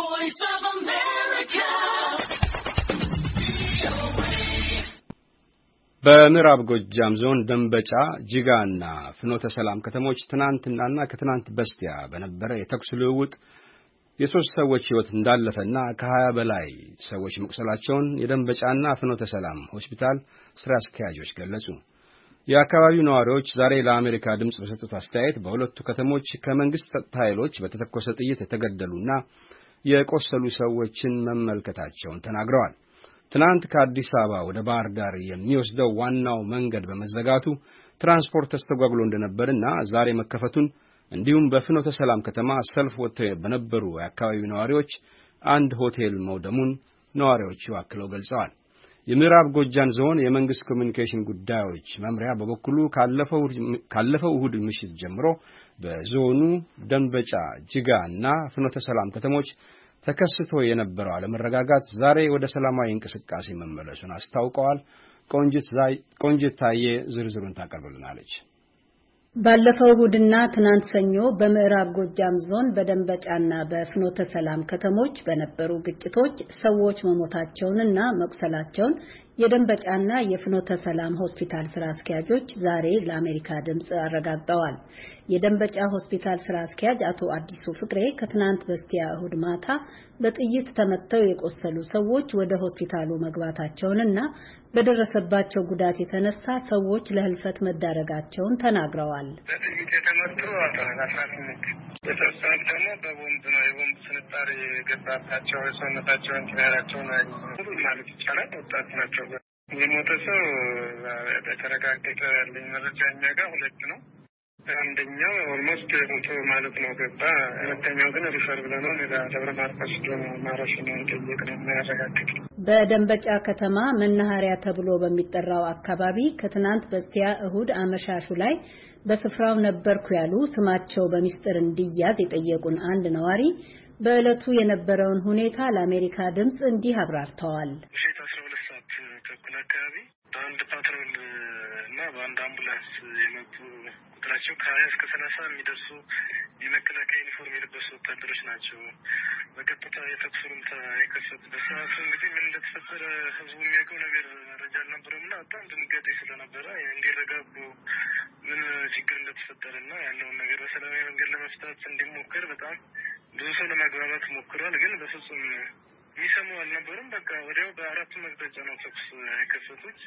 voice of America. በምዕራብ ጎጃም ዞን ደንበጫ፣ ጅጋና ፍኖተ ሰላም ከተሞች ትናንትናና ከትናንት በስቲያ በነበረ የተኩስ ልውውጥ የሶስት ሰዎች ሕይወት እንዳለፈና ከሀያ በላይ ሰዎች መቁሰላቸውን የደንበጫና ፍኖተ ሰላም ሆስፒታል ስራ አስኪያጆች ገለጹ። የአካባቢው ነዋሪዎች ዛሬ ለአሜሪካ ድምፅ በሰጡት አስተያየት በሁለቱ ከተሞች ከመንግሥት ጸጥታ ኃይሎች በተተኮሰ ጥይት የተገደሉና የቆሰሉ ሰዎችን መመልከታቸውን ተናግረዋል። ትናንት ከአዲስ አበባ ወደ ባህር ዳር የሚወስደው ዋናው መንገድ በመዘጋቱ ትራንስፖርት ተስተጓጉሎ እንደነበርና ዛሬ መከፈቱን እንዲሁም በፍኖተ ሰላም ከተማ ሰልፍ ወጥተው በነበሩ የአካባቢው ነዋሪዎች አንድ ሆቴል መውደሙን ነዋሪዎቹ አክለው ገልጸዋል። የምዕራብ ጎጃን ዞን የመንግስት ኮሚኒኬሽን ጉዳዮች መምሪያ በበኩሉ ካለፈው እሁድ ምሽት ጀምሮ በዞኑ ደንበጫ፣ ጅጋ እና ፍኖተ ሰላም ከተሞች ተከስቶ የነበረው አለመረጋጋት ዛሬ ወደ ሰላማዊ እንቅስቃሴ መመለሱን አስታውቀዋል። ቆንጅት ታዬ ዝርዝሩን ታቀርብልናለች። ባለፈው እሁድና ትናንት ሰኞ በምዕራብ ጎጃም ዞን በደንበጫና በፍኖተ ሰላም ከተሞች በነበሩ ግጭቶች ሰዎች መሞታቸውንና መቁሰላቸውን የደንበጫና የፍኖተ ሰላም ሆስፒታል ስራ አስኪያጆች ዛሬ ለአሜሪካ ድምፅ አረጋግጠዋል። የደንበጫ ሆስፒታል ስራ አስኪያጅ አቶ አዲሱ ፍቅሬ ከትናንት በስቲያ እሁድ ማታ በጥይት ተመተው የቆሰሉ ሰዎች ወደ ሆስፒታሉ መግባታቸውንና በደረሰባቸው ጉዳት የተነሳ ሰዎች ለህልፈት መዳረጋቸውን ተናግረዋል። በጥይት የተመቱ አስራ ስምንት የተወሰኑት ደግሞ በቦምብ ነው። የቦምብ ስንጣሪ የገባባቸው ማለት ይቻላል ወጣት ናቸው። የሞተ ሰው በተረጋገጠ ያለኝ መረጃ እኛ ጋር ሁለት ነው። አንደኛው ኦልሞስት ሞቶ ማለት ነው ገባ። ሁለተኛው ግን ሪፈር ብለነው ወደ ደብረ ማርቆስ ማረፊያ ነው የጠየቅነው የሚያረጋግጥ። በደንበጫ ከተማ መናኸሪያ ተብሎ በሚጠራው አካባቢ ከትናንት በስቲያ እሁድ አመሻሹ ላይ በስፍራው ነበርኩ ያሉ ስማቸው በሚስጥር እንዲያዝ የጠየቁን አንድ ነዋሪ በዕለቱ የነበረውን ሁኔታ ለአሜሪካ ድምፅ እንዲህ አብራርተዋል። ሴት አስራ ሁለት አካባቢ በአንድ ፓትሮል እና በአንድ አምቡላንስ የመጡ ቁጥራቸው ከሀያ እስከ ሰላሳ የሚደርሱ የመከላከያ ዩኒፎርም የለበሱ ወታደሮች ናቸው። በቀጥታ የተኩስ ሩምታ የከፈቱት እንግዲህ ምን እንደተፈጠረ ህዝቡ የሚያውቀው ነገር መረጃ አልነበረም እና በጣም ድንጋጤ ስለነበረ እንዲረጋጉ ምን ችግር እንደተፈጠረ እና ያለውን ነገር በሰላማዊ መንገድ ለመፍታት እንዲሞከር በጣም ብዙ ሰው ለማግባባት ሞክሯል። ግን በፍጹም የሚሰሙ አልነበሩም። በቃ ወዲያው በአራቱ መቅጠጫ ነው ተኩስ የከፈቱት።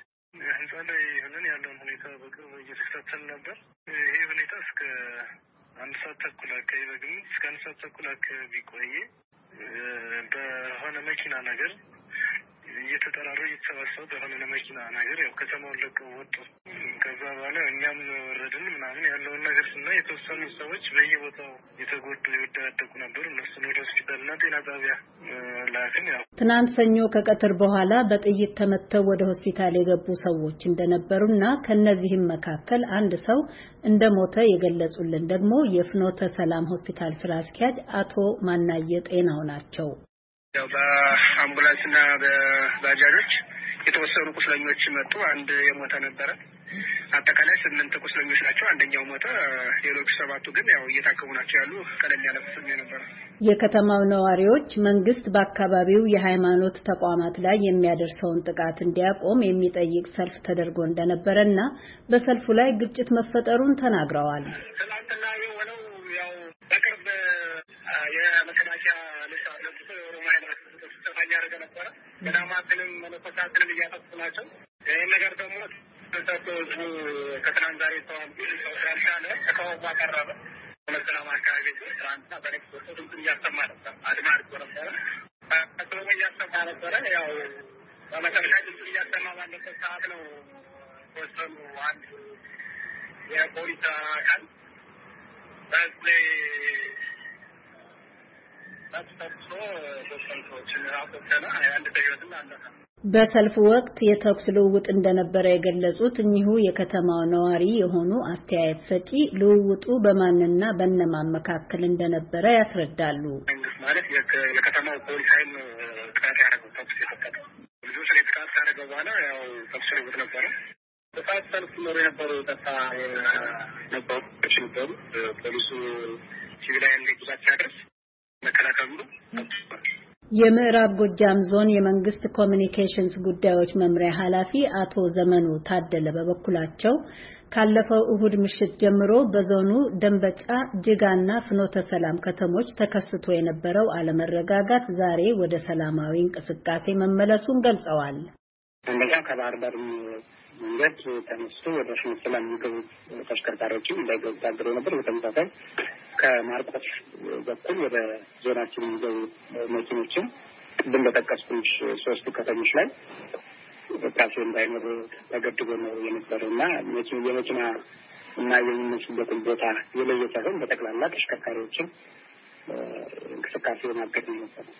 ህንፃ ላይ ሆነን ያለውን ሁኔታ በቅርብ እየተከታተል ነበር። ይሄ ሁኔታ እስከ አንድ ሰዓት ተኩል አካባቢ በግምት እስከ አንድ ሰዓት ተኩል አካባቢ ቆየ። በሆነ መኪና ነገር እየተጠራሩ እየተሰባሰቡ በሆነ መኪና ነገር ያው ከተማውን ለቀው ወጡ። ከዛ በኋላ እኛም ወረድን ምናምን ያለውን ነገር ስና የተወሰኑ ሰዎች በየቦታው የተጎዱ የወደዳደቁ ነበሩ። እነሱን ወደ ሆስፒታልና ጤና ጣቢያ ላክን። ያው ትናንት ሰኞ ከቀትር በኋላ በጥይት ተመተው ወደ ሆስፒታል የገቡ ሰዎች እንደነበሩ እንደነበሩና ከእነዚህም መካከል አንድ ሰው እንደ ሞተ የገለጹልን ደግሞ የፍኖተ ሰላም ሆስፒታል ስራ አስኪያጅ አቶ ማናየ ጤናው ናቸው። ያው በአምቡላንስና በባጃጆች የተወሰኑ ቁስለኞች መጡ። አንድ የሞተ ነበረ። አጠቃላይ ስምንት ቁስለኞች ናቸው። አንደኛው ሞተ። ሌሎቹ ሰባቱ ግን ያው እየታከሙ ናቸው ያሉ ቀደም ያለ ቁስል ነበረ። የከተማው ነዋሪዎች መንግስት በአካባቢው የሃይማኖት ተቋማት ላይ የሚያደርሰውን ጥቃት እንዲያቆም የሚጠይቅ ሰልፍ ተደርጎ እንደነበረ እና በሰልፉ ላይ ግጭት መፈጠሩን ተናግረዋል። ትናንትና የሆነው ያው በቅርብ የመከላከያ ኦሮሞ ኃይላት ጭፍጨፋ እያደረገ ነበረ። ገዳማትንም መነኮሳትንም እያጠፉ ናቸው። ይህን ነገር ደግሞ ሰቶ ህዝቡ ከትናንት ዛሬ ሰዋል ተቃውሞ አቀረበ። መሰላም አካባቢ ትናንትና በሬክስ ድምፁን እያሰማ ነበር። አድማ አድርጎ ነበረ ተቃውሞ እያሰማ ነበረ። ያው በመጨረሻ ድምፁን እያሰማ ባለበት ሰዓት ነው ወሰኑ አንድ የፖሊስ አካል በህዝብ ላይ በሰልፍ ወቅት የተኩስ ልውውጥ እንደነበረ የገለጹት እኚሁ የከተማው ነዋሪ የሆኑ አስተያየት ሰጪ ልውውጡ በማንና በነማን መካከል እንደነበረ ያስረዳሉ። ማለት የከተማው ፖሊስ ኃይል ጥቃት ያደረገው ተኩስ የፈቀደው ልጆች ላይ ጥቃት ካደረገ በኋላ ያው ተኩስ ልውውጥ ነበረ። በሰዓት ሰልፍ ኖሮ የነበሩ ጠጣ ነበሩ ነበሩ ፖሊሱ ሲቪላያን ጉዳት ሲያደርስ መከላከል ብሎ የምዕራብ ጎጃም ዞን የመንግስት ኮሚኒኬሽንስ ጉዳዮች መምሪያ ኃላፊ አቶ ዘመኑ ታደለ በበኩላቸው ካለፈው እሁድ ምሽት ጀምሮ በዞኑ ደንበጫ፣ ጅጋና ፍኖተ ሰላም ከተሞች ተከስቶ የነበረው አለመረጋጋት ዛሬ ወደ ሰላማዊ እንቅስቃሴ መመለሱን ገልጸዋል። አንደኛ ከባህር ዳር መንገድ ተነስቶ ወደ ሽንፍላ የሚገቡ ተሽከርካሪዎችም እንዳይገዛግሩ ነበር። በተመሳሳይ ከማርቆስ በኩል ወደ ዞናችን የሚገቡ መኪኖችም ቅድም በጠቀስኩሽ ሶስቱ ከተሞች ላይ ቃሴ እንዳይኖር ተገድቦ ነው የነበረው እና የመኪና እና የሚነሱበትን ቦታ የለየ ሳይሆን በጠቅላላ ተሽከርካሪዎችን እንቅስቃሴ ማገድ ነው የነበረው።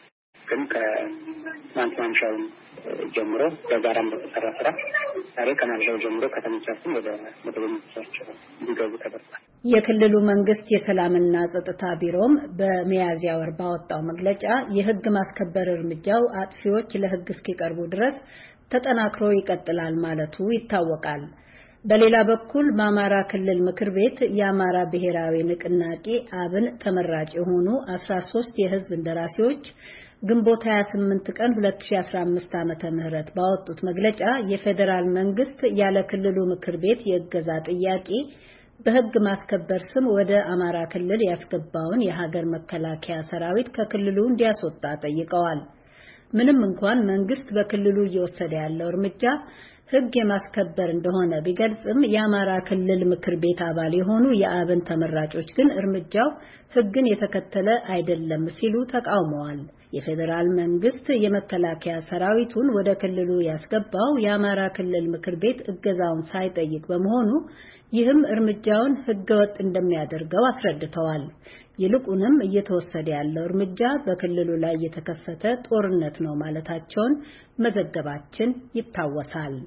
ግን ከትናንት ማምሻውን ጀምሮ በጋራም በተሰራ ስራ ዛሬ ከማምሻው ጀምሮ ከተመቻችን ወደ መደበኞቻቸው እንዲገቡ ተደርጓል። የክልሉ መንግስት የሰላምና ጸጥታ ቢሮም በሚያዝያ ወር ባወጣው መግለጫ የህግ ማስከበር እርምጃው አጥፊዎች ለህግ እስኪቀርቡ ድረስ ተጠናክሮ ይቀጥላል ማለቱ ይታወቃል። በሌላ በኩል በአማራ ክልል ምክር ቤት የአማራ ብሔራዊ ንቅናቄ አብን ተመራጭ የሆኑ 13 የህዝብ እንደራሴዎች ግንቦት 28 ቀን 2015 ዓመተ ምህረት ባወጡት መግለጫ የፌዴራል መንግስት ያለ ክልሉ ምክር ቤት የእገዛ ጥያቄ በህግ ማስከበር ስም ወደ አማራ ክልል ያስገባውን የሀገር መከላከያ ሰራዊት ከክልሉ እንዲያስወጣ ጠይቀዋል። ምንም እንኳን መንግስት በክልሉ እየወሰደ ያለው እርምጃ ሕግ የማስከበር እንደሆነ ቢገልጽም የአማራ ክልል ምክር ቤት አባል የሆኑ የአብን ተመራጮች ግን እርምጃው ሕግን የተከተለ አይደለም ሲሉ ተቃውመዋል። የፌዴራል መንግስት የመከላከያ ሰራዊቱን ወደ ክልሉ ያስገባው የአማራ ክልል ምክር ቤት እገዛውን ሳይጠይቅ በመሆኑ ይህም እርምጃውን ህገወጥ እንደሚያደርገው አስረድተዋል። ይልቁንም እየተወሰደ ያለው እርምጃ በክልሉ ላይ የተከፈተ ጦርነት ነው ማለታቸውን መዘገባችን ይታወሳል።